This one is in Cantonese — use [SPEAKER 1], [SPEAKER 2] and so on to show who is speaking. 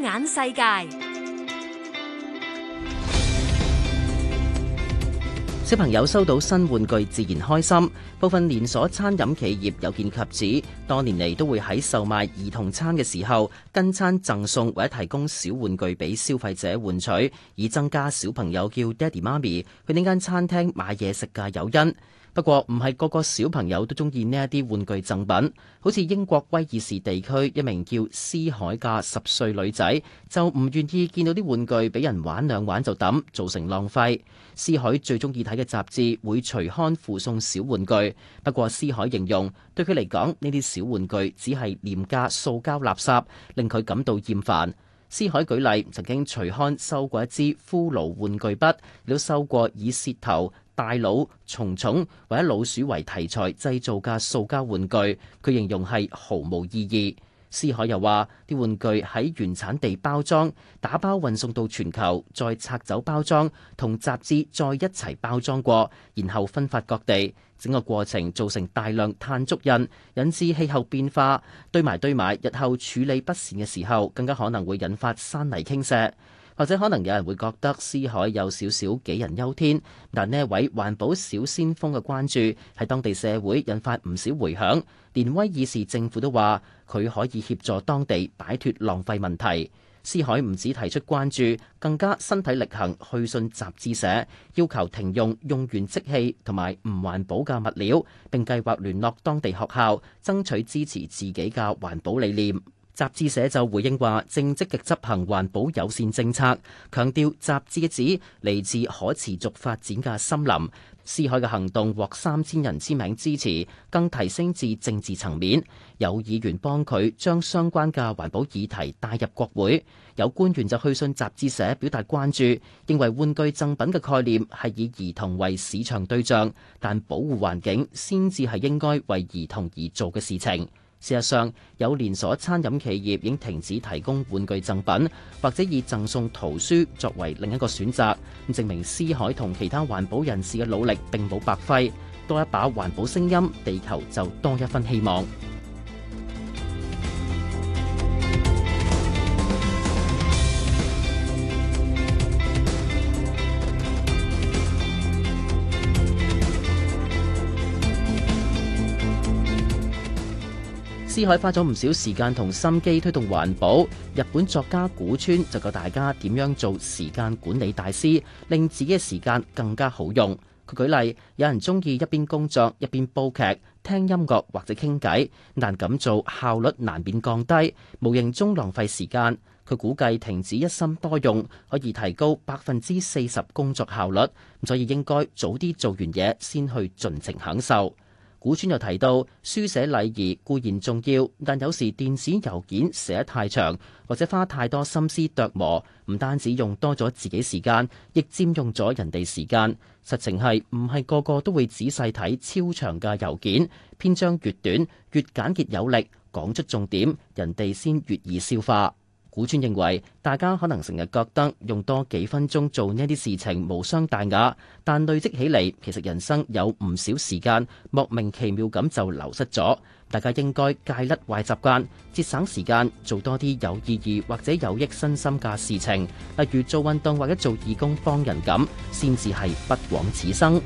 [SPEAKER 1] 眼世界，小朋友收到新玩具自然開心。部分連鎖餐飲企業有見及此，多年嚟都會喺售賣兒童餐嘅時候跟餐贈送或者提供小玩具俾消費者換取，以增加小朋友叫爹哋媽咪去呢間餐廳買嘢食嘅誘因。不過唔係個個小朋友都中意呢一啲玩具贈品，好似英國威爾士地區一名叫思海嘅十歲女仔，就唔願意見到啲玩具俾人玩兩玩就抌，造成浪費。思海最中意睇嘅雜誌會隨刊附送小玩具，不過思海形容對佢嚟講，呢啲小玩具只係廉價塑膠垃圾，令佢感到厭煩。思海舉例，曾經隨刊收過一支骷髏玩具筆，亦都收過以舌頭、大腦、蟲蟲或者老鼠為題材製造嘅塑膠玩具。佢形容係毫無意義。思海又話：啲玩具喺原產地包裝、打包運送到全球，再拆走包裝同雜誌，再一齊包裝過，然後分發各地。整個過程造成大量碳足印，引致氣候變化。堆埋堆埋，日後處理不善嘅時候，更加可能會引發山泥傾瀉。或者可能有人會覺得思海有少少杞人憂天，但呢位環保小先鋒嘅關注喺當地社會引發唔少迴響。連威爾士政府都話佢可以協助當地擺脱浪費問題。思海唔止提出關注，更加身體力行去信雜誌社，要求停用用完即棄同埋唔環保嘅物料，並計劃聯絡當地學校爭取支持自己嘅環保理念。雜誌社就回應話，正積極執行環保友善政策，強調雜誌嘅紙嚟自可持續發展嘅森林。施海嘅行動獲三千人簽名支持，更提升至政治層面，有議員幫佢將相關嘅環保議題帶入國會，有官員就去信雜誌社表達關注，認為玩具贈品嘅概念係以兒童為市場對象，但保護環境先至係應該為兒童而做嘅事情。事實上，有連鎖餐飲企業已經停止提供玩具贈品，或者以贈送圖書作為另一個選擇。咁證明思海同其他環保人士嘅努力並冇白費，多一把環保聲音，地球就多一分希望。施海花咗唔少時間同心機推動環保。日本作家古川就教大家點樣做時間管理大師，令自己嘅時間更加好用。佢舉例，有人中意一邊工作一邊煲劇、聽音樂或者傾偈，但咁做，效率難免降低，無形中浪費時間。佢估計停止一心多用，可以提高百分之四十工作效率。所以應該早啲做完嘢，先去盡情享受。古村又提到，書寫禮儀固然重要，但有時電子郵件寫得太長，或者花太多心思琢磨，唔單止用多咗自己時間，亦佔用咗人哋時間。實情係唔係個個都會仔細睇超長嘅郵件，篇章越短越簡潔有力，講出重點，人哋先越易消化。古川認為，大家可能成日覺得用多幾分鐘做呢啲事情無傷大雅，但累積起嚟，其實人生有唔少時間莫名其妙咁就流失咗。大家應該戒甩壞習慣，節省時間，做多啲有意義或者有益身心嘅事情，例如做運動或者做義工幫人咁，先至係不枉此生。